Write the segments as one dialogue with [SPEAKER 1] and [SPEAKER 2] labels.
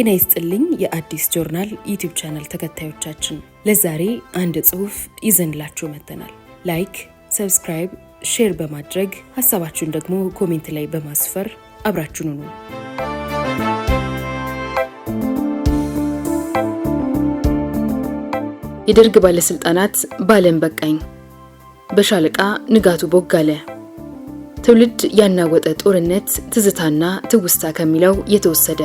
[SPEAKER 1] ጤና ይስጥልኝ የአዲስ ጆርናል ዩቲዩብ ቻናል ተከታዮቻችን፣ ለዛሬ አንድ ጽሑፍ ይዘንላችሁ መጥተናል። ላይክ፣ ሰብስክራይብ፣ ሼር በማድረግ ሀሳባችሁን ደግሞ ኮሜንት ላይ በማስፈር አብራችሁን ሁኑ። የደርግ ባለስልጣናት ባለም በቃኝ በሻለቃ ንጋቱ ቦጋለ ትውልድ ያናወጠ ጦርነት ትዝታና ትውስታ ከሚለው የተወሰደ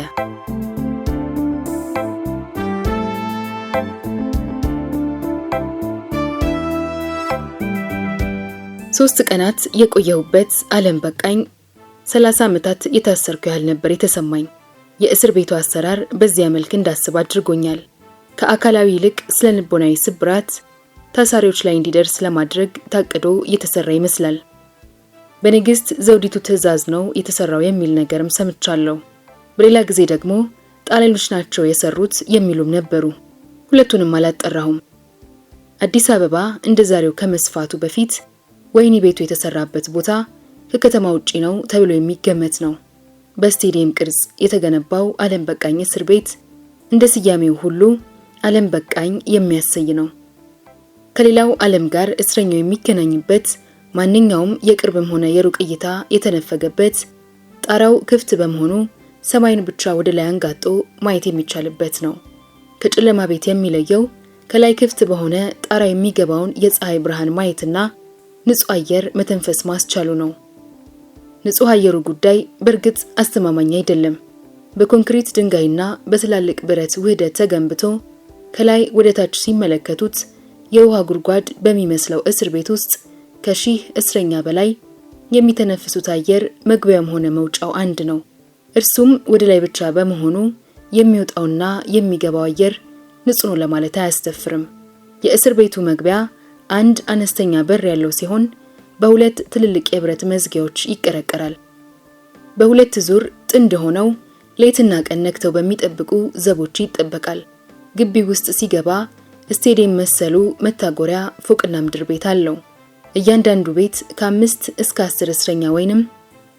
[SPEAKER 1] ሶስት ቀናት የቆየሁበት አለም በቃኝ። ሰላሳ ዓመታት የታሰርኩ ያህል ነበር የተሰማኝ። የእስር ቤቱ አሰራር በዚያ መልክ እንዳስብ አድርጎኛል። ከአካላዊ ይልቅ ስለ ልቦናዊ ስብራት ታሳሪዎች ላይ እንዲደርስ ለማድረግ ታቅዶ እየተሰራ ይመስላል። በንግሥት ዘውዲቱ ትዕዛዝ ነው የተሰራው የሚል ነገርም ሰምቻለሁ። በሌላ ጊዜ ደግሞ ጣሊያኖች ናቸው የሰሩት የሚሉም ነበሩ። ሁለቱንም አላጠራሁም። አዲስ አበባ እንደ ዛሬው ከመስፋቱ በፊት ወህኒ ቤቱ የተሰራበት ቦታ ከከተማ ውጪ ነው ተብሎ የሚገመት ነው። በስቴዲየም ቅርጽ የተገነባው ዓለም በቃኝ እስር ቤት እንደ ስያሜው ሁሉ ዓለም በቃኝ የሚያሰይ ነው። ከሌላው ዓለም ጋር እስረኛው የሚገናኝበት፣ ማንኛውም የቅርብም ሆነ የሩቅ እይታ የተነፈገበት፣ ጣራው ክፍት በመሆኑ ሰማይን ብቻ ወደ ላይ አንጋጦ ማየት የሚቻልበት ነው። ከጨለማ ቤት የሚለየው ከላይ ክፍት በሆነ ጣራ የሚገባውን የፀሐይ ብርሃን ማየትና ንጹህ አየር መተንፈስ ማስቻሉ ነው። ንጹህ አየሩ ጉዳይ በእርግጥ አስተማማኝ አይደለም። በኮንክሪት ድንጋይና በትላልቅ ብረት ውህደት ተገንብቶ ከላይ ወደ ታች ሲመለከቱት የውሃ ጉድጓድ በሚመስለው እስር ቤት ውስጥ ከሺህ እስረኛ በላይ የሚተነፍሱት አየር መግቢያም ሆነ መውጫው አንድ ነው። እርሱም ወደ ላይ ብቻ በመሆኑ የሚወጣውና የሚገባው አየር ንጹህ ነው ለማለት አያስደፍርም። የእስር ቤቱ መግቢያ አንድ አነስተኛ በር ያለው ሲሆን በሁለት ትልልቅ የብረት መዝጊያዎች ይቀረቀራል። በሁለት ዙር ጥንድ ሆነው ሌትና ቀን በሚጠብቁ ዘቦች ይጠበቃል። ግቢ ውስጥ ሲገባ ስቴዲየም መሰሉ መታጎሪያ ፎቅና ምድር ቤት አለው። እያንዳንዱ ቤት ከአምስት እስከ አስር እስረኛ ወይንም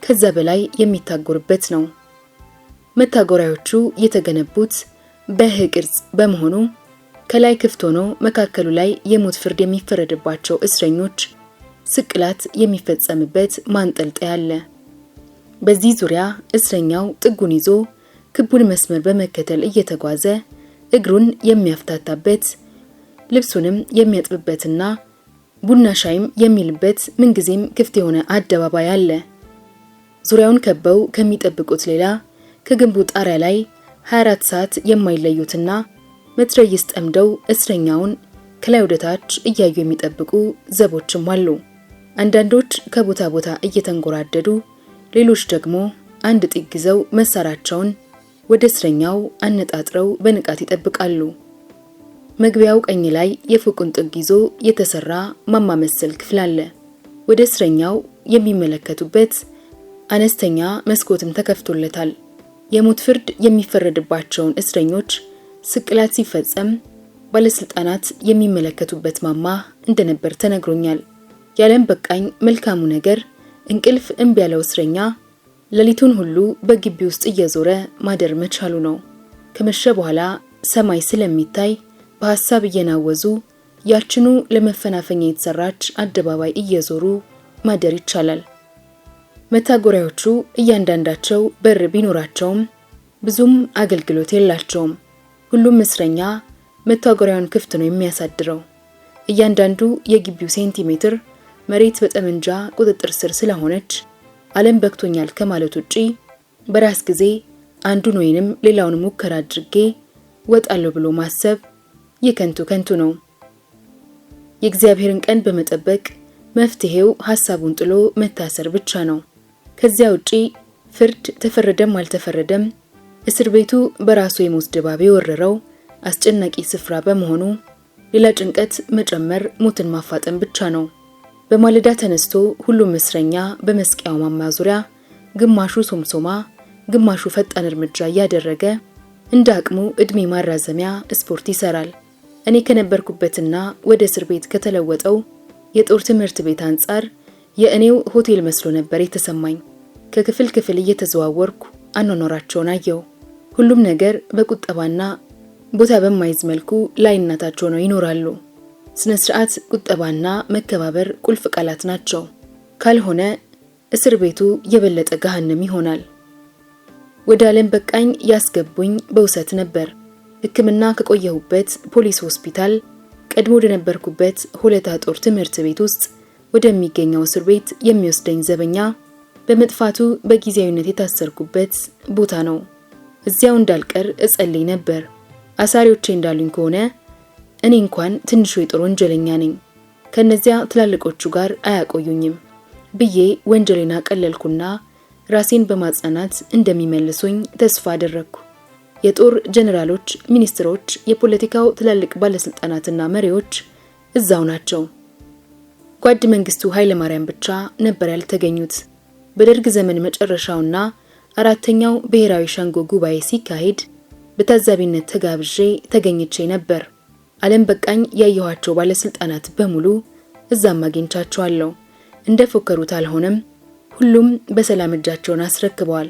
[SPEAKER 1] ከዛ በላይ የሚታጎርበት ነው። መታጎሪያዎቹ የተገነቡት በህ ቅርጽ በመሆኑ ከላይ ክፍት ሆኖ መካከሉ ላይ የሞት ፍርድ የሚፈረድባቸው እስረኞች ስቅላት የሚፈጸምበት ማንጠልጠያ አለ። በዚህ ዙሪያ እስረኛው ጥጉን ይዞ ክቡን መስመር በመከተል እየተጓዘ እግሩን የሚያፍታታበት ልብሱንም የሚያጥብበትና ቡና ሻይም የሚልበት ምንጊዜም ክፍት የሆነ አደባባይ አለ። ዙሪያውን ከበው ከሚጠብቁት ሌላ ከግንቡ ጣሪያ ላይ 24 ሰዓት የማይለዩትና መትረየስ ጠምደው እስረኛውን ከላይ ወደታች እያዩ የሚጠብቁ ዘቦችም አሉ። አንዳንዶች ከቦታ ቦታ እየተንጎራደዱ፣ ሌሎች ደግሞ አንድ ጢቅ ይዘው መሳሪያቸውን ወደ እስረኛው አነጣጥረው በንቃት ይጠብቃሉ። መግቢያው ቀኝ ላይ የፎቁን ጥግ ይዞ የተሰራ ማማ መሰል ክፍል አለ። ወደ እስረኛው የሚመለከቱበት አነስተኛ መስኮትም ተከፍቶለታል። የሞት ፍርድ የሚፈረድባቸውን እስረኞች ስቅላት ሲፈጸም ባለስልጣናት የሚመለከቱበት ማማ እንደነበር ተነግሮኛል። ያለም በቃኝ መልካሙ ነገር እንቅልፍ እምቢ ያለው እስረኛ ሌሊቱን ሁሉ በግቢ ውስጥ እየዞረ ማደር መቻሉ ነው። ከመሸ በኋላ ሰማይ ስለሚታይ በሀሳብ እየናወዙ ያችኑ ለመፈናፈኛ የተሰራች አደባባይ እየዞሩ ማደር ይቻላል። መታጎሪያዎቹ እያንዳንዳቸው በር ቢኖራቸውም ብዙም አገልግሎት የላቸውም። ሁሉም እስረኛ መታገሪያውን ክፍት ነው የሚያሳድረው። እያንዳንዱ የግቢው ሴንቲሜትር መሬት በጠመንጃ ቁጥጥር ስር ስለሆነች ዓለም በክቶኛል ከማለት ውጪ በራስ ጊዜ አንዱን ወይንም ሌላውን ሙከራ አድርጌ ወጣለሁ ብሎ ማሰብ ይህ ከንቱ ከንቱ ነው። የእግዚአብሔርን ቀን በመጠበቅ መፍትሄው ሀሳቡን ጥሎ መታሰር ብቻ ነው። ከዚያ ውጪ ፍርድ ተፈረደም አልተፈረደም እስር ቤቱ በራሱ የሞት ድባብ የወረረው አስጨናቂ ስፍራ በመሆኑ ሌላ ጭንቀት መጨመር ሞትን ማፋጠን ብቻ ነው። በማለዳ ተነስቶ ሁሉም እስረኛ በመስቀያው ማማ ዙሪያ ግማሹ ሶምሶማ፣ ግማሹ ፈጣን እርምጃ እያደረገ እንደ አቅሙ እድሜ ማራዘሚያ ስፖርት ይሰራል። እኔ ከነበርኩበትና ወደ እስር ቤት ከተለወጠው የጦር ትምህርት ቤት አንጻር የእኔው ሆቴል መስሎ ነበር የተሰማኝ። ከክፍል ክፍል እየተዘዋወርኩ አኗኗራቸውን አየው። ሁሉም ነገር በቁጠባና ቦታ በማይዝ መልኩ ላይናታቸው ነው ይኖራሉ። ስነ ስርዓት፣ ቁጠባና መከባበር ቁልፍ ቃላት ናቸው። ካልሆነ እስር ቤቱ የበለጠ ገሃነም ይሆናል። ወደ ዓለም በቃኝ ያስገቡኝ በውሰት ነበር። ሕክምና ከቆየሁበት ፖሊስ ሆስፒታል ቀድሞ ወደነበርኩበት ሆለታ ጦር ትምህርት ቤት ውስጥ ወደሚገኘው እስር ቤት የሚወስደኝ ዘበኛ በመጥፋቱ በጊዜያዊነት የታሰርኩበት ቦታ ነው። እዚያው እንዳልቀር እጸልይ ነበር። አሳሪዎቼ እንዳሉኝ ከሆነ እኔ እንኳን ትንሹ የጦር ወንጀለኛ ነኝ፣ ከነዚያ ትላልቆቹ ጋር አያቆዩኝም ብዬ ወንጀሌን አቀለልኩና ራሴን በማጽናናት እንደሚመልሱኝ ተስፋ አደረግኩ። የጦር ጀኔራሎች፣ ሚኒስትሮች፣ የፖለቲካው ትላልቅ ባለስልጣናትና መሪዎች እዛው ናቸው። ጓድ መንግስቱ ኃይለማርያም ብቻ ነበር ያልተገኙት። በደርግ ዘመን መጨረሻውና አራተኛው ብሔራዊ ሸንጎ ጉባኤ ሲካሄድ በታዛቢነት ተጋብዤ ተገኝቼ ነበር። ዓለም በቃኝ ያየኋቸው ባለስልጣናት በሙሉ እዛም አግኝቻቸዋለሁ። እንደ አልሆነም። ሁሉም በሰላም እጃቸውን አስረክበዋል።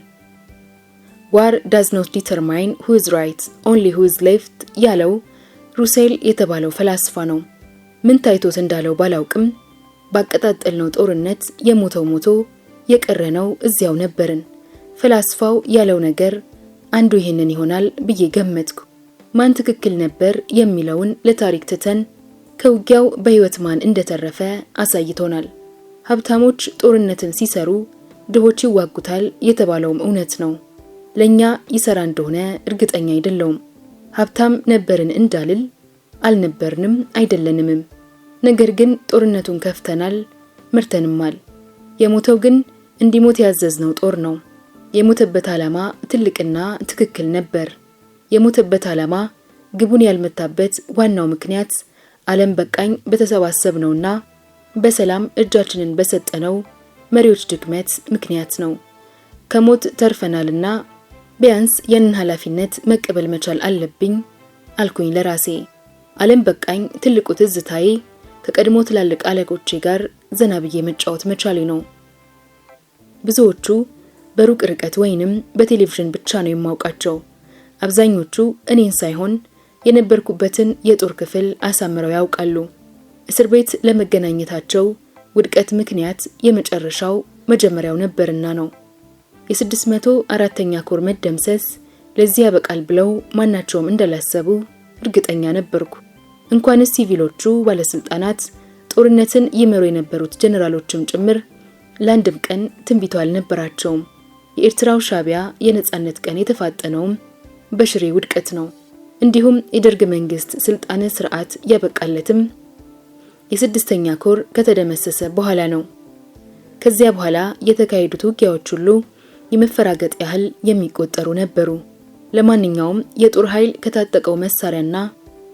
[SPEAKER 1] ዋር ዳዝ ኖት ዲተርማይን ሁዝ ራይት ኦንሊ ሁዝ ሌፍት ያለው ሩሴል የተባለው ፈላስፋ ነው። ምን ታይቶት እንዳለው ባላውቅም ባቀጣጠልነው ጦርነት የሞተው ሞቶ የቀረነው እዚያው ነበርን። ፈላስፋው ያለው ነገር አንዱ ይሄንን ይሆናል ብዬ ገመትኩ። ማን ትክክል ነበር የሚለውን ለታሪክ ትተን ከውጊያው በሕይወት ማን እንደተረፈ አሳይቶናል። ሀብታሞች ጦርነትን ሲሰሩ ድሆች ይዋጉታል የተባለውም እውነት ነው። ለእኛ ይሰራ እንደሆነ እርግጠኛ አይደለውም። ሀብታም ነበርን እንዳልል አልነበርንም፣ አይደለንምም። ነገር ግን ጦርነቱን ከፍተናል፣ ምርተንማል። የሞተው ግን እንዲሞት ያዘዝነው ጦር ነው። የሞተበት ዓላማ ትልቅና ትክክል ነበር። የሞተበት ዓላማ ግቡን ያልመታበት ዋናው ምክንያት ዓለም በቃኝ በተሰባሰብ ነውና በሰላም እጃችንን በሰጠነው መሪዎች ድክመት ምክንያት ነው። ከሞት ተርፈናልና ቢያንስ ያንን ኃላፊነት መቀበል መቻል አለብኝ አልኩኝ ለራሴ። ዓለም በቃኝ ትልቁ ትዝታዬ ከቀድሞ ትላልቅ አለቆቼ ጋር ዘና ብዬ መጫወት መቻሌ ነው። ብዙዎቹ በሩቅ ርቀት ወይንም በቴሌቪዥን ብቻ ነው የማውቃቸው። አብዛኞቹ እኔን ሳይሆን የነበርኩበትን የጦር ክፍል አሳምረው ያውቃሉ። እስር ቤት ለመገናኘታቸው ውድቀት ምክንያት የመጨረሻው መጀመሪያው ነበርና ነው። 604 አራተኛ ኮር መደምሰስ ለዚህ ያበቃል ብለው ማናቸውም እንዳላሰቡ እርግጠኛ ነበርኩ። እንኳንስ ሲቪሎቹ ባለስልጣናት፣ ጦርነትን ይመሩ የነበሩት ጀኔራሎችም ጭምር ለአንድም ቀን ትንቢቱ አልነበራቸውም። የኤርትራው ሻቢያ የነጻነት ቀን የተፋጠነውም በሽሬ ውድቀት ነው። እንዲሁም የደርግ መንግስት ስልጣነ ስርዓት ያበቃለትም የስድስተኛ ኮር ከተደመሰሰ በኋላ ነው። ከዚያ በኋላ የተካሄዱት ውጊያዎች ሁሉ የመፈራገጥ ያህል የሚቆጠሩ ነበሩ። ለማንኛውም የጦር ኃይል ከታጠቀው መሳሪያና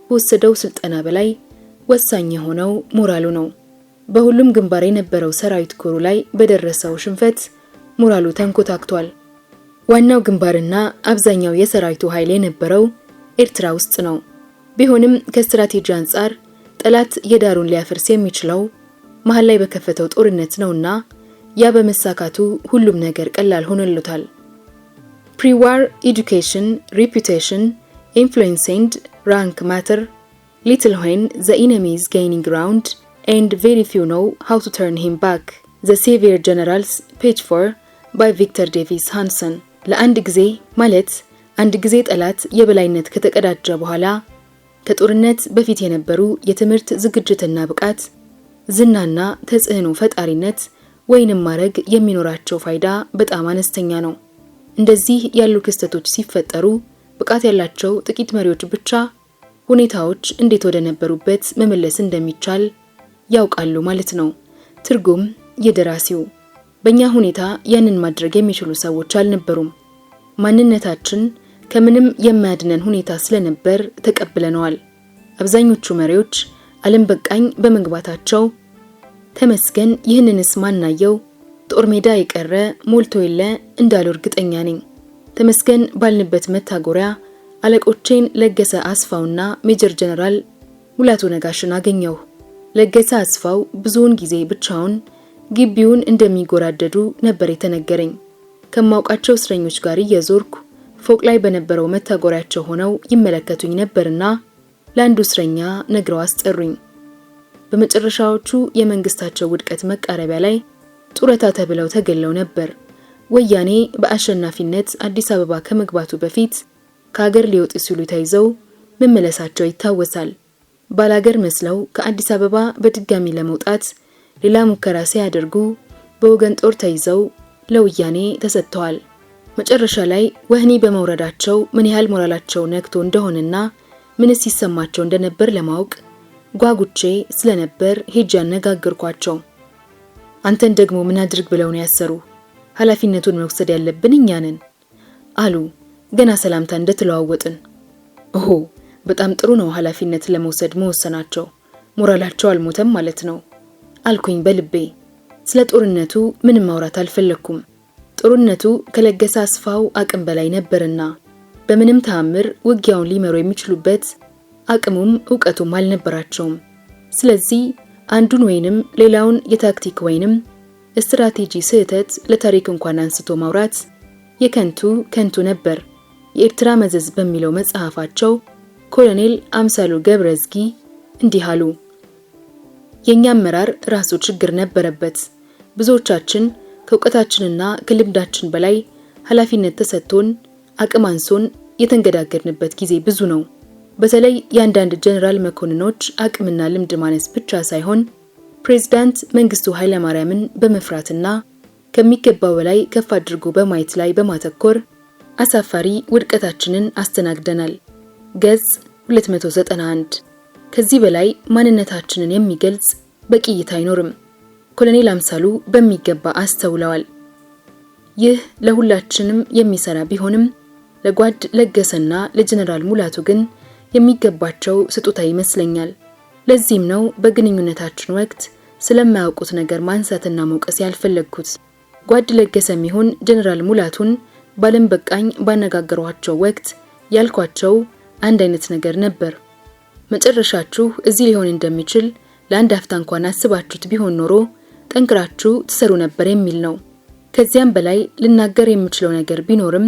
[SPEAKER 1] ከወሰደው ስልጠና በላይ ወሳኝ የሆነው ሞራሉ ነው። በሁሉም ግንባር የነበረው ሰራዊት ኮሩ ላይ በደረሰው ሽንፈት ሞራሉ ተንኮታክቷል። ዋናው ግንባርና አብዛኛው የሰራዊቱ ኃይል የነበረው ኤርትራ ውስጥ ነው። ቢሆንም ከስትራቴጂ አንጻር ጠላት የዳሩን ሊያፈርስ የሚችለው መሀል ላይ በከፈተው ጦርነት ነውና ያ በመሳካቱ ሁሉም ነገር ቀላል ሆኖለታል። ፕሪዋር ኤዱኬሽን ሪፑቴሽን ኢንፍሉዌንሲንግ ራንክ ማተር ሊትል ሆይን ዘ ኢነሚዝ ጋይኒንግ ግራውንድ ኤንድ ቬሪ ፊው ኖው ሃው ቱ ተርን ሂም ባክ ዘ ሴቪየር ጀነራልስ ፔጅ ፎር ባይ ቪክተር ዴቪስ ሃንሰን ለአንድ ጊዜ ማለት አንድ ጊዜ ጠላት የበላይነት ከተቀዳጀ በኋላ ከጦርነት በፊት የነበሩ የትምህርት ዝግጅትና ብቃት፣ ዝናና ተጽዕኖ ፈጣሪነት ወይንም ማድረግ የሚኖራቸው ፋይዳ በጣም አነስተኛ ነው። እንደዚህ ያሉ ክስተቶች ሲፈጠሩ ብቃት ያላቸው ጥቂት መሪዎች ብቻ ሁኔታዎች እንዴት ወደ ነበሩበት መመለስ እንደሚቻል ያውቃሉ ማለት ነው። ትርጉም የደራሲው በእኛ ሁኔታ ያንን ማድረግ የሚችሉ ሰዎች አልነበሩም። ማንነታችን ከምንም የማያድነን ሁኔታ ስለነበር ተቀብለነዋል። አብዛኞቹ መሪዎች ዓለም በቃኝ በመግባታቸው ተመስገን ይህንንስ ማናየው ጦር ሜዳ የቀረ ሞልቶ የለ እንዳሉ እርግጠኛ ነኝ። ተመስገን ባልንበት መታጎሪያ አለቆቼን ለገሰ አስፋውና ሜጀር ጀነራል ሙላቱ ነጋሽን አገኘሁ። ለገሰ አስፋው ብዙውን ጊዜ ብቻውን ግቢውን እንደሚጎራደዱ ነበር የተነገረኝ። ከማውቃቸው እስረኞች ጋር እየዞርኩ ፎቅ ላይ በነበረው መታጎሪያቸው ሆነው ይመለከቱኝ ነበርና ለአንዱ እስረኛ ነግረው አስጠሩኝ። በመጨረሻዎቹ የመንግስታቸው ውድቀት መቃረቢያ ላይ ጡረታ ተብለው ተገለው ነበር። ወያኔ በአሸናፊነት አዲስ አበባ ከመግባቱ በፊት ከሀገር ሊወጡ ሲሉ ተይዘው መመለሳቸው ይታወሳል። ባላገር መስለው ከአዲስ አበባ በድጋሚ ለመውጣት ሌላ ሙከራ ሲያደርጉ በወገን ጦር ተይዘው ለውያኔ ተሰጥተዋል። መጨረሻ ላይ ወህኒ በመውረዳቸው ምን ያህል ሞራላቸው ነክቶ እንደሆነና ምንስ ሲሰማቸው እንደነበር ለማወቅ ጓጉቼ ስለነበር ሄጅ አነጋገርኳቸው። አንተን ደግሞ ምን አድርግ ብለው ነው ያሰሩ? ኃላፊነቱን መውሰድ ያለብን እኛ ነን አሉ። ገና ሰላምታ እንደተለዋወጥን ኦሆ፣ በጣም ጥሩ ነው ኃላፊነት ለመውሰድ መወሰናቸው። ሞራላቸው አልሞተም ማለት ነው አልኩኝ በልቤ። ስለ ጦርነቱ ምንም ማውራት አልፈለግኩም። ጦርነቱ ከለገሰ አስፋው አቅም በላይ ነበርና በምንም ተአምር ውጊያውን ሊመሩ የሚችሉበት አቅሙም እውቀቱም አልነበራቸውም። ስለዚህ አንዱን ወይንም ሌላውን የታክቲክ ወይንም ስትራቴጂ ስህተት ለታሪክ እንኳን አንስቶ ማውራት የከንቱ ከንቱ ነበር። የኤርትራ መዘዝ በሚለው መጽሐፋቸው ኮሎኔል አምሳሉ ገብረዝጊ እንዲህ አሉ። የእኛ አመራር ራሱ ችግር ነበረበት። ብዙዎቻችን ከእውቀታችንና ከልምዳችን በላይ ኃላፊነት ተሰጥቶን አቅም አንሶን የተንገዳገድንበት ጊዜ ብዙ ነው። በተለይ የአንዳንድ ጀኔራል መኮንኖች አቅምና ልምድ ማነስ ብቻ ሳይሆን ፕሬዚዳንት መንግስቱ ኃይለማርያምን በመፍራትና ከሚገባው በላይ ከፍ አድርጎ በማየት ላይ በማተኮር አሳፋሪ ውድቀታችንን አስተናግደናል። ገጽ 291 ከዚህ በላይ ማንነታችንን የሚገልጽ በቂ እይታ አይኖርም። ኮሎኔል አምሳሉ በሚገባ አስተውለዋል። ይህ ለሁላችንም የሚሰራ ቢሆንም ለጓድ ለገሰና ለጀነራል ሙላቱ ግን የሚገባቸው ስጦታ ይመስለኛል። ለዚህም ነው በግንኙነታችን ወቅት ስለማያውቁት ነገር ማንሳትና መውቀስ ያልፈለግኩት። ጓድ ለገሰም ይሁን ጀነራል ሙላቱን ባለም በቃኝ ባነጋገሯቸው ወቅት ያልኳቸው አንድ አይነት ነገር ነበር። መጨረሻችሁ እዚህ ሊሆን እንደሚችል ለአንድ አፍታ እንኳን አስባችሁት ቢሆን ኖሮ ጠንክራችሁ ትሰሩ ነበር የሚል ነው። ከዚያም በላይ ልናገር የምችለው ነገር ቢኖርም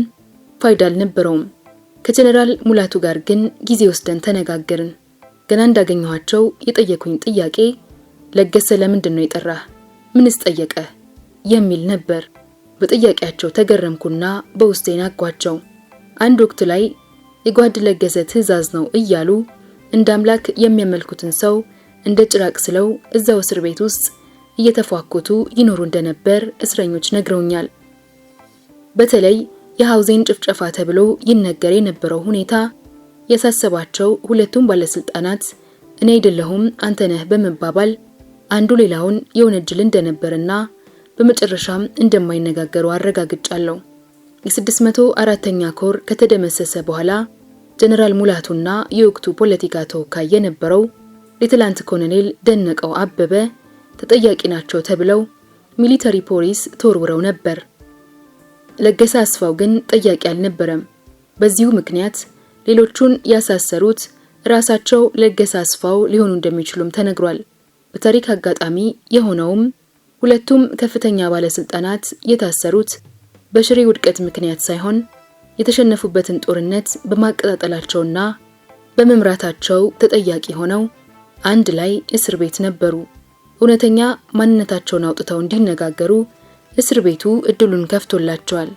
[SPEAKER 1] ፋይዳ አልነበረውም። ከጀነራል ሙላቱ ጋር ግን ጊዜ ወስደን ተነጋገርን። ገና እንዳገኘኋቸው የጠየኩኝ ጥያቄ ለገሰ ለምንድን ነው የጠራህ? ምንስ ጠየቀ? የሚል ነበር። በጥያቄያቸው ተገረምኩና በውስጤ ናኳቸው። አንድ ወቅት ላይ የጓድ ለገሰ ትዕዛዝ ነው እያሉ እንደ አምላክ የሚያመልኩትን ሰው እንደ ጭራቅ ስለው እዛው እስር ቤት ውስጥ እየተፏኮቱ ይኖሩ እንደነበር እስረኞች ነግረውኛል። በተለይ የሐውዜን ጭፍጨፋ ተብሎ ይነገር የነበረው ሁኔታ ያሳሰባቸው ሁለቱም ባለስልጣናት እኔ አይደለሁም አንተ ነህ በመባባል አንዱ ሌላውን የወነጅል እንደነበርና በመጨረሻም እንደማይነጋገሩ አረጋግጫለሁ። የ604ኛ ኮር ከተደመሰሰ በኋላ ጀኔራል ሙላቱና የወቅቱ ፖለቲካ ተወካይ የነበረው ሌትናንት ኮሎኔል ደነቀው አበበ ተጠያቂ ናቸው ተብለው ሚሊተሪ ፖሊስ ተወርውረው ነበር። ለገሰ አስፋው ግን ጠያቂ አልነበረም። በዚሁ ምክንያት ሌሎቹን ያሳሰሩት ራሳቸው ለገሰ አስፋው ሊሆኑ እንደሚችሉም ተነግሯል። በታሪክ አጋጣሚ የሆነውም ሁለቱም ከፍተኛ ባለስልጣናት የታሰሩት በሽሬ ውድቀት ምክንያት ሳይሆን የተሸነፉበትን ጦርነት በማቀጣጠላቸውና በመምራታቸው ተጠያቂ ሆነው አንድ ላይ እስር ቤት ነበሩ። እውነተኛ ማንነታቸውን አውጥተው እንዲነጋገሩ እስር ቤቱ እድሉን ከፍቶላቸዋል።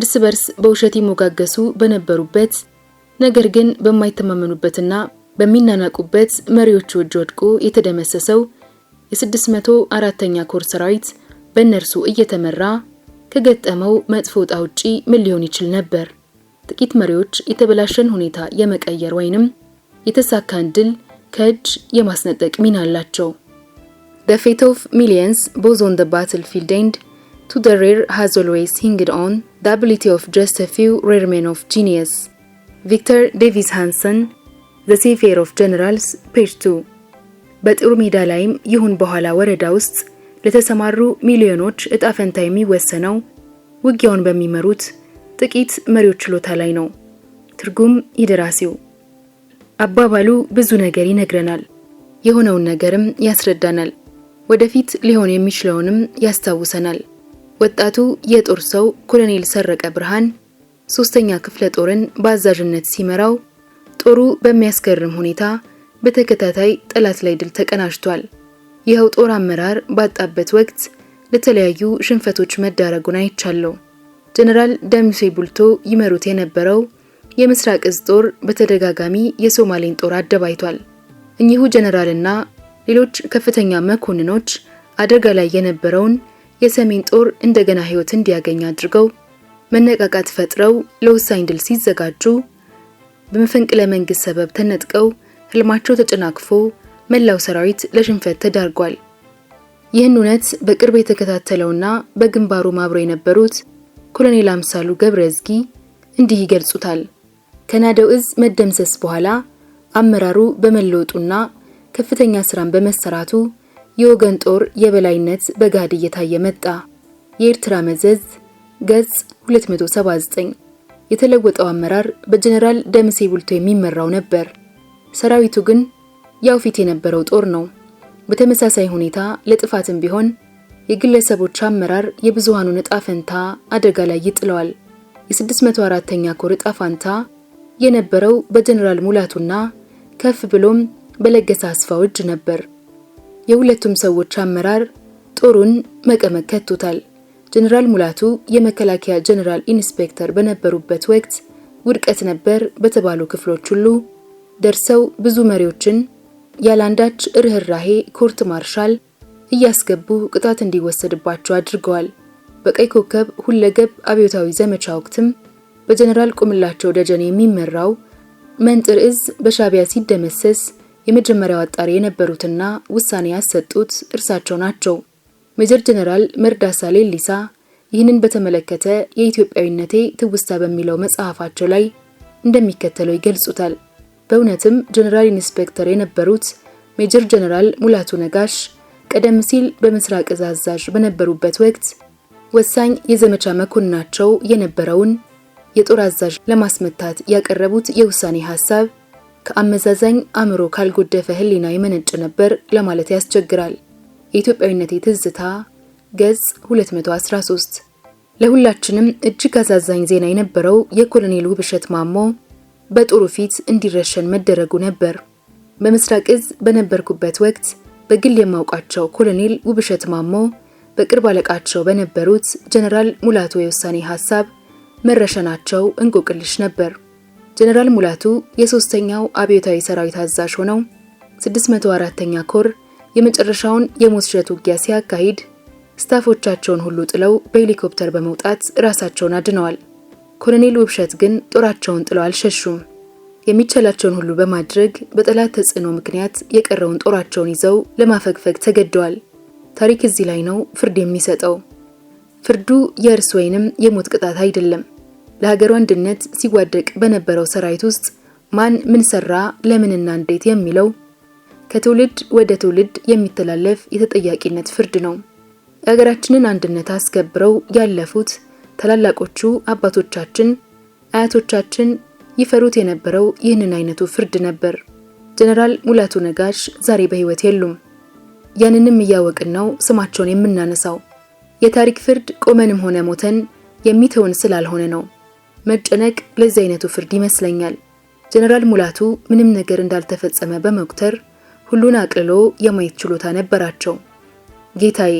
[SPEAKER 1] እርስ በርስ በውሸት ይሞጋገሱ በነበሩበት ነገር ግን በማይተማመኑበትና በሚናናቁበት መሪዎቹ እጅ ወድቆ የተደመሰሰው የ604ኛ ኮር ሰራዊት በእነርሱ እየተመራ ከገጠመው መጥፎ ዕጣ ውጪ ምን ሊሆን ይችል ነበር? ጥቂት መሪዎች የተበላሸን ሁኔታ የመቀየር ወይንም የተሳካን ድል ከእጅ የማስነጠቅ ሚና አላቸው። ደ ፌት ኦፍ ሚሊየንስ ቦዝ ኦን ደ ባትል ፊልድ ኤንድ ቱ ደ ሬር ሃዝ ኦልዌይስ ሂንግድ ኦን ደ አቢሊቲ ኦፍ ጀስት አ ፊው ሬር ሜን ኦፍ ጂኒየስ ቪክተር ዴቪስ ሃንሰን ዘ ሴፌር ኦፍ ጀነራልስ ፔጅ ቱ በጥሩ ሜዳ ላይም ይሁን በኋላ ወረዳ ውስጥ ለተሰማሩ ሚሊዮኖች እጣፈንታ የሚወሰነው ውጊያውን በሚመሩት ጥቂት መሪዎች ችሎታ ላይ ነው። ትርጉም ይደራሲው አባባሉ ብዙ ነገር ይነግረናል። የሆነውን ነገርም ያስረዳናል። ወደፊት ሊሆን የሚችለውንም ያስታውሰናል። ወጣቱ የጦር ሰው ኮሎኔል ሰረቀ ብርሃን ሶስተኛ ክፍለ ጦርን በአዛዥነት ሲመራው ጦሩ በሚያስገርም ሁኔታ በተከታታይ ጠላት ላይ ድል ተቀናጅቷል። ይኸው ጦር አመራር ባጣበት ወቅት ለተለያዩ ሽንፈቶች መዳረጉን አይቻለው። ጀነራል ደሚሴ ቡልቶ ይመሩት የነበረው የምስራቅ እዝ ጦር በተደጋጋሚ የሶማሌን ጦር አደባይቷል። እኚሁ ጀነራልና ሌሎች ከፍተኛ መኮንኖች አደጋ ላይ የነበረውን የሰሜን ጦር እንደገና ሕይወት እንዲያገኝ አድርገው መነቃቃት ፈጥረው ለወሳኝ ድል ሲዘጋጁ በመፈንቅለ መንግስት ሰበብ ተነጥቀው ህልማቸው ተጨናክፎ መላው ሰራዊት ለሽንፈት ተዳርጓል። ይህን እውነት በቅርብ የተከታተለውና በግንባሩ ማብሮ የነበሩት ኮሎኔል አምሳሉ ገብረ እዝጊ እንዲህ ይገልጹታል። ከናደው እዝ መደምሰስ በኋላ አመራሩ በመለወጡና ከፍተኛ ስራን በመሰራቱ የወገን ጦር የበላይነት በጋድ እየታየ መጣ። የኤርትራ መዘዝ ገጽ 279 የተለወጠው አመራር በጀኔራል ደምሴ ቡልቶ የሚመራው ነበር። ሰራዊቱ ግን ያው ፊት የነበረው ጦር ነው። በተመሳሳይ ሁኔታ ለጥፋትም ቢሆን የግለሰቦች አመራር የብዙሃኑን እጣ ፈንታ አደጋ ላይ ይጥለዋል። የ604ኛ ኮር እጣ የነበረው በጀኔራል ሙላቱና ከፍ ብሎም በለገሰ አስፋው እጅ ነበር። የሁለቱም ሰዎች አመራር ጦሩን መቀመቅ ከቶታል። ጀኔራል ሙላቱ የመከላከያ ጀኔራል ኢንስፔክተር በነበሩበት ወቅት ውድቀት ነበር በተባሉ ክፍሎች ሁሉ ደርሰው ብዙ መሪዎችን ያላንዳች ርኅራሄ ኮርት ማርሻል እያስገቡ ቅጣት እንዲወሰድባቸው አድርገዋል። በቀይ ኮከብ ሁለገብ አብዮታዊ ዘመቻ ወቅትም በጀኔራል ቁምላቸው ደጀኔ የሚመራው መንጥር እዝ በሻቢያ ሲደመሰስ የመጀመሪያው አጣሪ የነበሩትና ውሳኔ ያሰጡት እርሳቸው ናቸው። ሜጀር ጀኔራል መርዳሳ ሌሊሳ ይህንን በተመለከተ የኢትዮጵያዊነቴ ትውስታ በሚለው መጽሐፋቸው ላይ እንደሚከተለው ይገልጹታል። በእውነትም ጀነራል ኢንስፔክተር የነበሩት ሜጀር ጀነራል ሙላቱ ነጋሽ ቀደም ሲል በምስራቅ እዝ አዛዥ በነበሩበት ወቅት ወሳኝ የዘመቻ መኮንናቸው የነበረውን የጦር አዛዥ ለማስመታት ያቀረቡት የውሳኔ ሀሳብ ከአመዛዛኝ አእምሮ ካልጎደፈ ህሊና የመነጭ ነበር ለማለት ያስቸግራል። የኢትዮጵያዊነት ትዝታ ገጽ 213 ለሁላችንም እጅግ አሳዛኝ ዜና የነበረው የኮሎኔል ውብሸት ማሞ በጥሩ ፊት እንዲረሸን መደረጉ ነበር። በምስራቅ እዝ በነበርኩበት ወቅት በግል የማውቃቸው ኮሎኔል ውብሸት ማሞ በቅርብ አለቃቸው በነበሩት ጀነራል ሙላቱ የውሳኔ ሀሳብ መረሸናቸው እንቆቅልሽ ነበር። ጀነራል ሙላቱ የሶስተኛው አብዮታዊ ሰራዊት አዛዥ ሆነው 604ኛ ኮር የመጨረሻውን የሞት ሽረት ውጊያ ሲያካሂድ ስታፎቻቸውን ሁሉ ጥለው በሄሊኮፕተር በመውጣት ራሳቸውን አድነዋል። ኮሎኔል ውብሸት ግን ጦራቸውን ጥለው አልሸሹም። የሚቻላቸውን ሁሉ በማድረግ በጠላት ተጽዕኖ ምክንያት የቀረውን ጦራቸውን ይዘው ለማፈግፈግ ተገደዋል። ታሪክ እዚህ ላይ ነው ፍርድ የሚሰጠው። ፍርዱ የእርስ ወይንም የሞት ቅጣት አይደለም። ለሀገሩ አንድነት ሲዋደቅ በነበረው ሰራዊት ውስጥ ማን ምን ሰራ፣ ለምንና እንዴት የሚለው ከትውልድ ወደ ትውልድ የሚተላለፍ የተጠያቂነት ፍርድ ነው። የሀገራችንን አንድነት አስከብረው ያለፉት ታላላቆቹ አባቶቻችን አያቶቻችን ይፈሩት የነበረው ይህንን አይነቱ ፍርድ ነበር። ጀነራል ሙላቱ ነጋሽ ዛሬ በህይወት የሉም። ያንንም እያወቅን ነው ስማቸውን የምናነሳው። የታሪክ ፍርድ ቆመንም ሆነ ሞተን የሚተውን ስላልሆነ ነው። መጨነቅ ለዚህ አይነቱ ፍርድ ይመስለኛል። ጀነራል ሙላቱ ምንም ነገር እንዳልተፈጸመ በመቁተር ሁሉን አቅልሎ የማየት ችሎታ ነበራቸው። ጌታዬ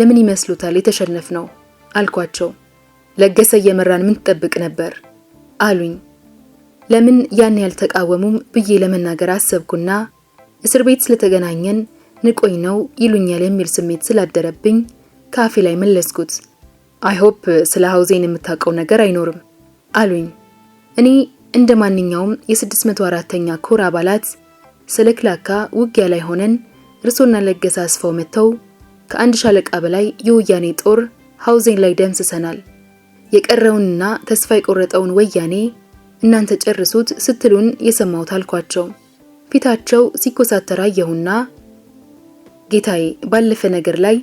[SPEAKER 1] ለምን ይመስሉታል የተሸነፍ ነው አልኳቸው። ለገሰ እየመራን ምን ትጠብቅ ነበር አሉኝ። ለምን ያን ያልተቃወሙም ብዬ ለመናገር አሰብኩና እስር ቤት ስለተገናኘን ንቆኝ ነው ይሉኛል የሚል ስሜት ስላደረብኝ ካፌ ላይ መለስኩት። አይሆፕ ስለ ሀውዜን የምታውቀው ነገር አይኖርም አሉኝ። እኔ እንደ ማንኛውም የ604ኛ ኮር አባላት ስለ ክላካ ውጊያ ላይ ሆነን እርሶና ለገሰ አስፋው መጥተው ከአንድ ሻለቃ በላይ የወያኔ ጦር ሀውዜን ላይ ደምስሰናል የቀረውንና ተስፋ የቆረጠውን ወያኔ እናንተ ጨርሱት ስትሉን የሰማሁት አልኳቸው። ፊታቸው ሲኮሳተር አየሁና ጌታዬ፣ ባለፈ ነገር ላይ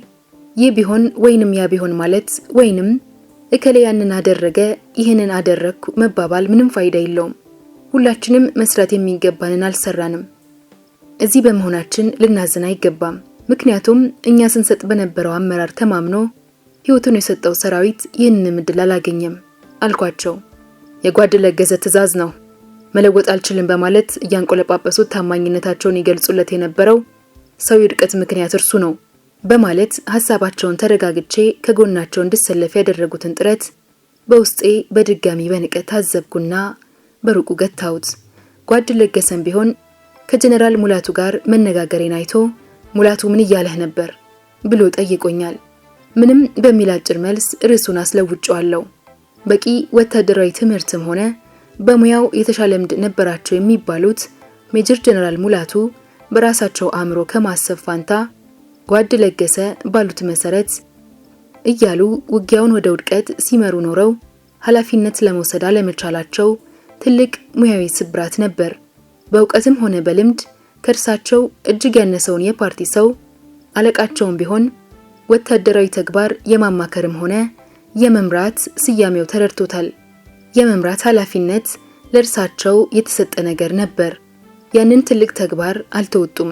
[SPEAKER 1] ይህ ቢሆን ወይንም ያ ቢሆን ማለት ወይንም እከሌ ያንን አደረገ ይህንን አደረግኩ መባባል ምንም ፋይዳ የለውም። ሁላችንም መስራት የሚገባንን አልሰራንም። እዚህ በመሆናችን ልናዝን አይገባም። ምክንያቱም እኛ ስንሰጥ በነበረው አመራር ተማምኖ ህይወቱን የሰጠው ሰራዊት ይህንን እድል አላገኘም አልኳቸው። የጓድ ለገሰ ትዕዛዝ ነው መለወጥ አልችልም በማለት እያንቆለጳጰሱት ታማኝነታቸውን ይገልጹለት የነበረው ሰው የውድቀት ምክንያት እርሱ ነው በማለት ሀሳባቸውን ተረጋግቼ ከጎናቸው እንድሰለፍ ያደረጉትን ጥረት በውስጤ በድጋሚ በንቀት ታዘብኩና በሩቁ ገታሁት። ጓድ ለገሰም ቢሆን ከጀኔራል ሙላቱ ጋር መነጋገሬን አይቶ ሙላቱ ምን እያለህ ነበር ብሎ ጠይቆኛል። ምንም በሚል አጭር መልስ ርዕሱን አስለውጫለሁ። በቂ ወታደራዊ ትምህርትም ሆነ በሙያው የተሻለ ልምድ ነበራቸው የሚባሉት ሜጀር ጀነራል ሙላቱ በራሳቸው አእምሮ ከማሰብ ፋንታ ጓድ ለገሰ ባሉት መሰረት እያሉ ውጊያውን ወደ ውድቀት ሲመሩ ኖረው ኃላፊነት ለመውሰድ አለመቻላቸው ትልቅ ሙያዊ ስብራት ነበር። በእውቀትም ሆነ በልምድ ከእርሳቸው እጅግ ያነሰውን የፓርቲ ሰው አለቃቸውም ቢሆን ወታደራዊ ተግባር የማማከርም ሆነ የመምራት ስያሜው ተረድቶታል። የመምራት ኃላፊነት ለእርሳቸው የተሰጠ ነገር ነበር። ያንን ትልቅ ተግባር አልተወጡም።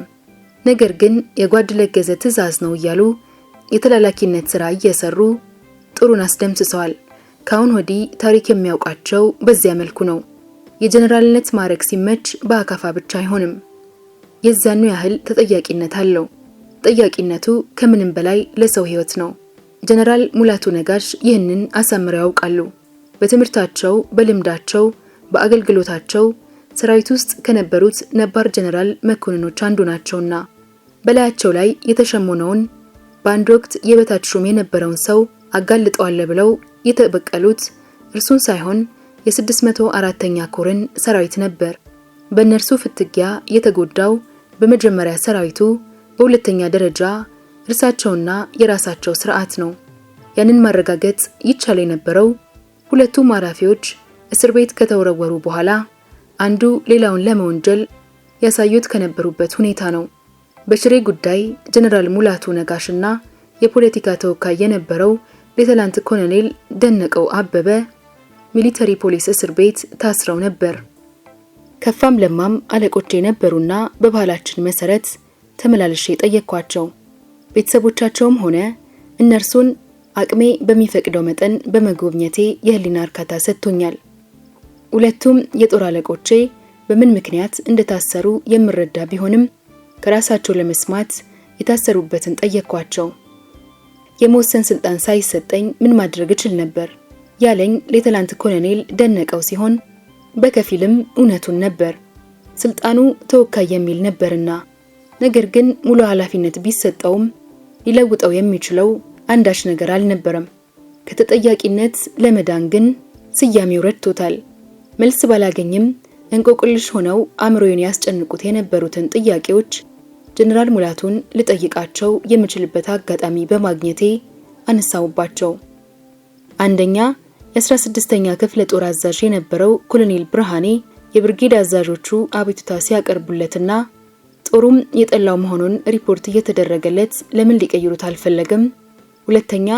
[SPEAKER 1] ነገር ግን የጓድ ለገዘ ትዕዛዝ ነው እያሉ የተላላኪነት ስራ እየሰሩ ጥሩን አስደምስሰዋል። ከአሁን ወዲህ ታሪክ የሚያውቃቸው በዚያ መልኩ ነው። የጀኔራልነት ማዕረግ ሲመች በአካፋ ብቻ አይሆንም። የዛኑ ያህል ተጠያቂነት አለው። ጠያቂነቱ ከምንም በላይ ለሰው ህይወት ነው። ጀነራል ሙላቱ ነጋሽ ይህንን አሳምረው ያውቃሉ። በትምህርታቸው፣ በልምዳቸው፣ በአገልግሎታቸው ሰራዊት ውስጥ ከነበሩት ነባር ጀነራል መኮንኖች አንዱ ናቸውና በላያቸው ላይ የተሸሞነውን በአንድ ወቅት የበታች ሹም የነበረውን ሰው አጋልጠዋለ ብለው የተበቀሉት እርሱን ሳይሆን የ604ኛ ኮርን ሰራዊት ነበር። በእነርሱ ፍትጊያ የተጎዳው በመጀመሪያ ሰራዊቱ በሁለተኛ ደረጃ እርሳቸውና የራሳቸው ስርዓት ነው። ያንን ማረጋገጥ ይቻል የነበረው ሁለቱ ማራፊዎች እስር ቤት ከተወረወሩ በኋላ አንዱ ሌላውን ለመወንጀል ያሳዩት ከነበሩበት ሁኔታ ነው። በሽሬ ጉዳይ ጀነራል ሙላቱ ነጋሽና የፖለቲካ ተወካይ የነበረው ሌተናንት ኮሎኔል ደነቀው አበበ ሚሊተሪ ፖሊስ እስር ቤት ታስረው ነበር። ከፋም ለማም አለቆቼ ነበሩና በባህላችን መሰረት ተመላልሼ ጠየቅኳቸው። ቤተሰቦቻቸውም ሆነ እነርሱን አቅሜ በሚፈቅደው መጠን በመጎብኘቴ የህሊና እርካታ ሰጥቶኛል። ሁለቱም የጦር አለቆቼ በምን ምክንያት እንደታሰሩ የምረዳ ቢሆንም ከራሳቸው ለመስማት የታሰሩበትን ጠየቅኳቸው። የመወሰን ስልጣን ሳይሰጠኝ ምን ማድረግ እችል ነበር ያለኝ ሌተናንት ኮሎኔል ደነቀው ሲሆን በከፊልም እውነቱን ነበር። ስልጣኑ ተወካይ የሚል ነበርና ነገር ግን ሙሉ ኃላፊነት ቢሰጠውም ሊለውጠው የሚችለው አንዳች ነገር አልነበረም። ከተጠያቂነት ለመዳን ግን ስያሜው ረድቶታል። መልስ ባላገኝም እንቆቅልሽ ሆነው አእምሮዬን ያስጨንቁት የነበሩትን ጥያቄዎች ጀኔራል ሙላቱን ልጠይቃቸው የምችልበት አጋጣሚ በማግኘቴ አነሳውባቸው። አንደኛ የ16ኛ ክፍለ ጦር አዛዥ የነበረው ኮሎኔል ብርሃኔ የብርጌድ አዛዦቹ አቤቱታ ሲያቀርቡለትና ጦሩም የጠላው መሆኑን ሪፖርት እየተደረገለት ለምን ሊቀይሩት አልፈለገም? ሁለተኛ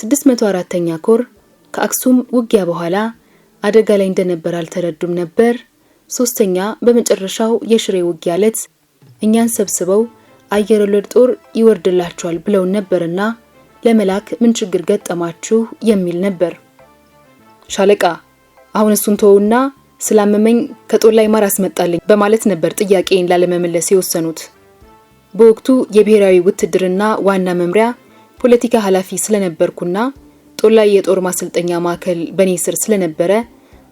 [SPEAKER 1] 604ኛ ኮር ከአክሱም ውጊያ በኋላ አደጋ ላይ እንደነበር አልተረዱም ነበር። ሶስተኛ በመጨረሻው የሽሬ ውጊያ ዕለት እኛን ሰብስበው አየር ወለድ ጦር ይወርድላቸዋል ብለውን ነበርና ለመላክ ምን ችግር ገጠማችሁ የሚል ነበር። ሻለቃ አሁን እሱን ተውና ስላመመኝ ከጦላይ ማር አስመጣልኝ በማለት ነበር ጥያቄን ላለመመለስ የወሰኑት። በወቅቱ የብሔራዊ ውትድርና ዋና መምሪያ ፖለቲካ ኃላፊ ስለነበርኩና ጦላይ የጦር ማሰልጠኛ ማዕከል በእኔ ስር ስለነበረ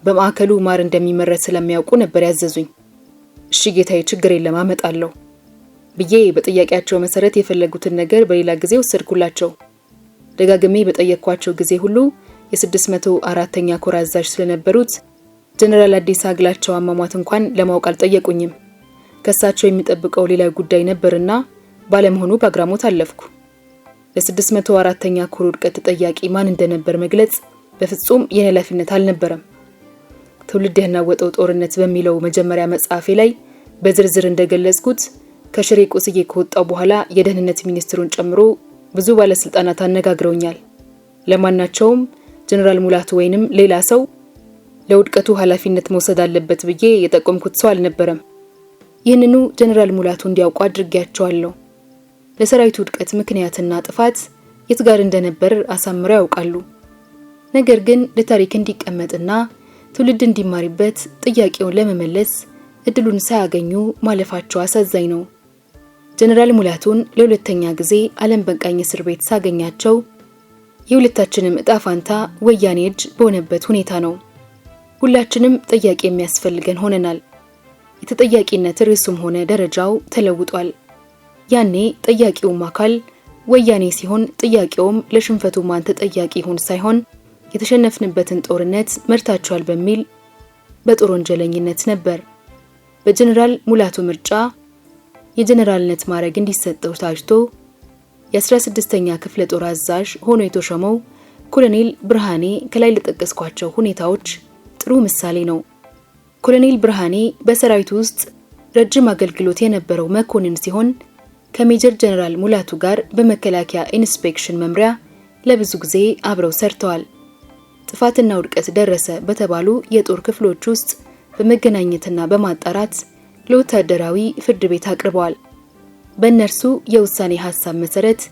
[SPEAKER 1] በማዕከሉ ማር እንደሚመረት ስለሚያውቁ ነበር ያዘዙኝ። እሺ ጌታዬ፣ ችግር የለም አመጣለሁ ብዬ በጥያቄያቸው መሰረት የፈለጉትን ነገር በሌላ ጊዜ ወሰድኩላቸው። ደጋግሜ በጠየቅኳቸው ጊዜ ሁሉ የ604ኛ ኮር አዛዥ ስለነበሩት ጀኔራል አዲስ አግላቸው አሟሟት እንኳን ለማወቅ አልጠየቁኝም። ከእሳቸው የሚጠብቀው ሌላ ጉዳይ ነበርና ባለመሆኑ በአግራሞት አለፍኩ። ለ604ኛ ኮር ውድቀት ተጠያቂ ማን እንደነበር መግለጽ በፍጹም የኔ ኃላፊነት አልነበረም። ትውልድ ያናወጠው ጦርነት በሚለው መጀመሪያ መጽሐፌ ላይ በዝርዝር እንደገለጽኩት ከሽሬ ቁስዬ ከወጣው በኋላ የደህንነት ሚኒስትሩን ጨምሮ ብዙ ባለስልጣናት አነጋግረውኛል። ለማናቸውም ጀኔራል ሙላቱ ወይንም ሌላ ሰው ለውድቀቱ ኃላፊነት መውሰድ አለበት ብዬ የጠቆምኩት ሰው አልነበረም። ይህንኑ ጀኔራል ሙላቱ እንዲያውቁ አድርጌያቸዋለሁ። ለሰራዊቱ ውድቀት ምክንያትና ጥፋት የት ጋር እንደነበር አሳምረው ያውቃሉ። ነገር ግን ለታሪክ እንዲቀመጥና ትውልድ እንዲማሪበት ጥያቄውን ለመመለስ እድሉን ሳያገኙ ማለፋቸው አሳዛኝ ነው። ጀነራል ሙላቱን ለሁለተኛ ጊዜ ዓለም በቃኝ እስር ቤት ሳገኛቸው የሁለታችንም እጣ ፋንታ ወያኔ እጅ በሆነበት ሁኔታ ነው። ሁላችንም ጥያቄ የሚያስፈልገን ሆነናል። የተጠያቂነት ርዕሱም ሆነ ደረጃው ተለውጧል። ያኔ ጠያቂውም አካል ወያኔ ሲሆን፣ ጥያቄውም ለሽንፈቱ ማን ተጠያቂ ይሁን ሳይሆን የተሸነፍንበትን ጦርነት መርታችኋል በሚል በጦር ወንጀለኝነት ነበር። በጀኔራል ሙላቱ ምርጫ የጀኔራልነት ማዕረግ እንዲሰጠው ታጅቶ የ16ኛ ክፍለ ጦር አዛዥ ሆኖ የተሾመው ኮሎኔል ብርሃኔ ከላይ ለጠቀስኳቸው ሁኔታዎች ጥሩ ምሳሌ ነው። ኮሎኔል ብርሃኔ በሰራዊት ውስጥ ረጅም አገልግሎት የነበረው መኮንን ሲሆን ከሜጀር ጀነራል ሙላቱ ጋር በመከላከያ ኢንስፔክሽን መምሪያ ለብዙ ጊዜ አብረው ሰርተዋል። ጥፋትና ውድቀት ደረሰ በተባሉ የጦር ክፍሎች ውስጥ በመገናኘትና በማጣራት ለወታደራዊ ፍርድ ቤት አቅርበዋል። በእነርሱ የውሳኔ ሀሳብ መሰረት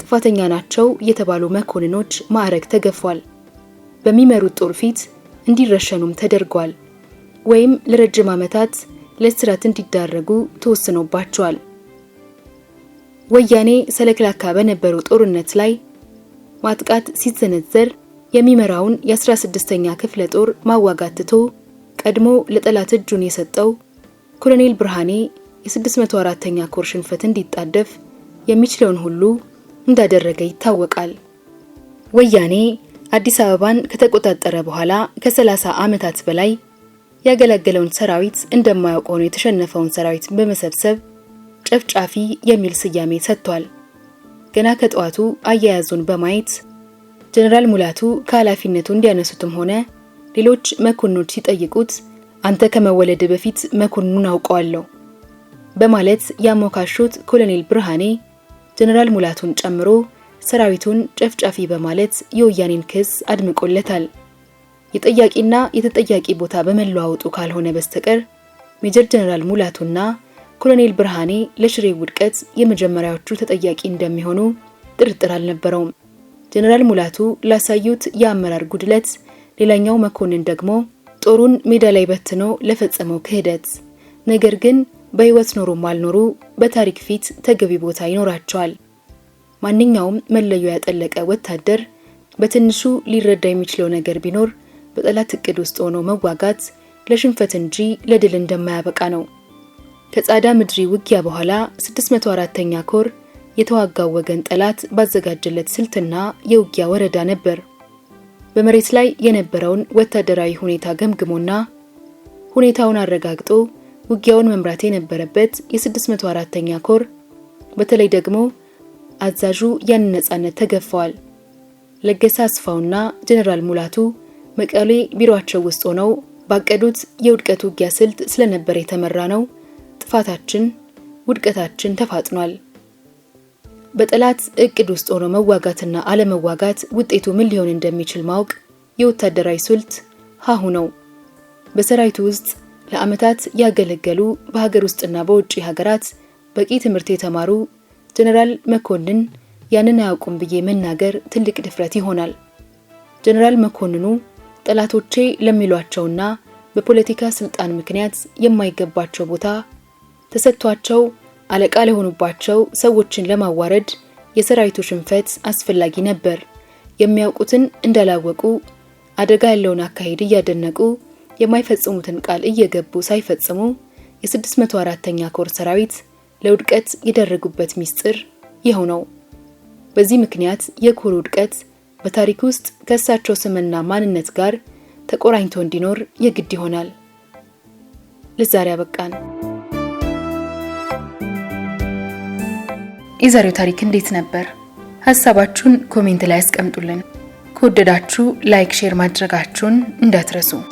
[SPEAKER 1] ጥፋተኛ ናቸው የተባሉ መኮንኖች ማዕረግ ተገፏል። በሚመሩት ጦር ፊት እንዲረሸኑም ተደርጓል ወይም ለረጅም ዓመታት ለእስራት እንዲዳረጉ ተወስኖባቸዋል። ወያኔ ሰለክላካ በነበረው ጦርነት ላይ ማጥቃት ሲሰነዘር የሚመራውን የ16ኛ ክፍለ ጦር ማዋጋት ትቶ ቀድሞ ለጠላት እጁን የሰጠው ኮሎኔል ብርሃኔ የ604ኛ ኮር ሽንፈት እንዲጣደፍ የሚችለውን ሁሉ እንዳደረገ ይታወቃል። ወያኔ አዲስ አበባን ከተቆጣጠረ በኋላ ከሰላሳ ዓመታት በላይ ያገለገለውን ሰራዊት እንደማያውቅ ነው የተሸነፈውን ሰራዊት በመሰብሰብ ጨፍጫፊ የሚል ስያሜ ሰጥቷል። ገና ከጠዋቱ አያያዙን በማየት ጀኔራል ሙላቱ ከኃላፊነቱ እንዲያነሱትም ሆነ ሌሎች መኮንኖች ሲጠይቁት አንተ ከመወለድ በፊት መኮንኑን አውቀዋለሁ በማለት ያሞካሹት ኮሎኔል ብርሃኔ ጀኔራል ሙላቱን ጨምሮ ሰራዊቱን ጨፍጫፊ በማለት የወያኔን ክስ አድምቆለታል። የጠያቂና የተጠያቂ ቦታ በመለዋወጡ ካልሆነ በስተቀር ሜጀር ጀነራል ሙላቱና ኮሎኔል ብርሃኔ ለሽሬ ውድቀት የመጀመሪያዎቹ ተጠያቂ እንደሚሆኑ ጥርጥር አልነበረውም። ጀነራል ሙላቱ ላሳዩት የአመራር ጉድለት፣ ሌላኛው መኮንን ደግሞ ጦሩን ሜዳ ላይ በትኖ ለፈጸመው ክህደት። ነገር ግን በሕይወት ኖሩም አልኖሩ በታሪክ ፊት ተገቢ ቦታ ይኖራቸዋል። ማንኛውም መለዮ ያጠለቀ ወታደር በትንሹ ሊረዳ የሚችለው ነገር ቢኖር በጠላት እቅድ ውስጥ ሆኖ መዋጋት ለሽንፈት እንጂ ለድል እንደማያበቃ ነው። ከጻዳ ምድሪ ውጊያ በኋላ 604ኛ ኮር የተዋጋው ወገን ጠላት ባዘጋጀለት ስልትና የውጊያ ወረዳ ነበር። በመሬት ላይ የነበረውን ወታደራዊ ሁኔታ ገምግሞና ሁኔታውን አረጋግጦ ውጊያውን መምራት የነበረበት የ604ኛ ኮር በተለይ ደግሞ አዛዡ ያንን ነጻነት ተገፈዋል። ለገሳ አስፋውና ጀነራል ሙላቱ መቀሌ ቢሮአቸው ውስጥ ሆነው ባቀዱት የውድቀት ውጊያ ስልት ስለነበር የተመራ ነው። ጥፋታችን ውድቀታችን ተፋጥኗል። በጠላት እቅድ ውስጥ ሆኖ መዋጋትና አለመዋጋት ውጤቱ ምን ሊሆን እንደሚችል ማወቅ የወታደራዊ ስልት ሀሁ ነው። በሰራዊቱ ውስጥ ለዓመታት ያገለገሉ በሀገር ውስጥና በውጭ ሀገራት በቂ ትምህርት የተማሩ ጀነራል መኮንን ያንን አያውቁም ብዬ መናገር ትልቅ ድፍረት ይሆናል። ጀነራል መኮንኑ ጠላቶቼ ለሚሏቸውና በፖለቲካ ስልጣን ምክንያት የማይገባቸው ቦታ ተሰጥቷቸው አለቃ ለሆኑባቸው ሰዎችን ለማዋረድ የሰራዊቱ ሽንፈት አስፈላጊ ነበር። የሚያውቁትን እንዳላወቁ አደጋ ያለውን አካሄድ እያደነቁ የማይፈጽሙትን ቃል እየገቡ ሳይፈጽሙ የ604ኛ ኮር ሰራዊት ለውድቀት የደረጉበት ሚስጥር ይኸው ነው። በዚህ ምክንያት የኩሩ ውድቀት በታሪክ ውስጥ ከእሳቸው ስምና ማንነት ጋር ተቆራኝቶ እንዲኖር የግድ ይሆናል። ለዛሬ አበቃን። የዛሬው ታሪክ እንዴት ነበር? ሀሳባችሁን ኮሜንት ላይ አስቀምጡልን! ከወደዳችሁ ላይክ፣ ሼር ማድረጋችሁን እንዳትረሱ።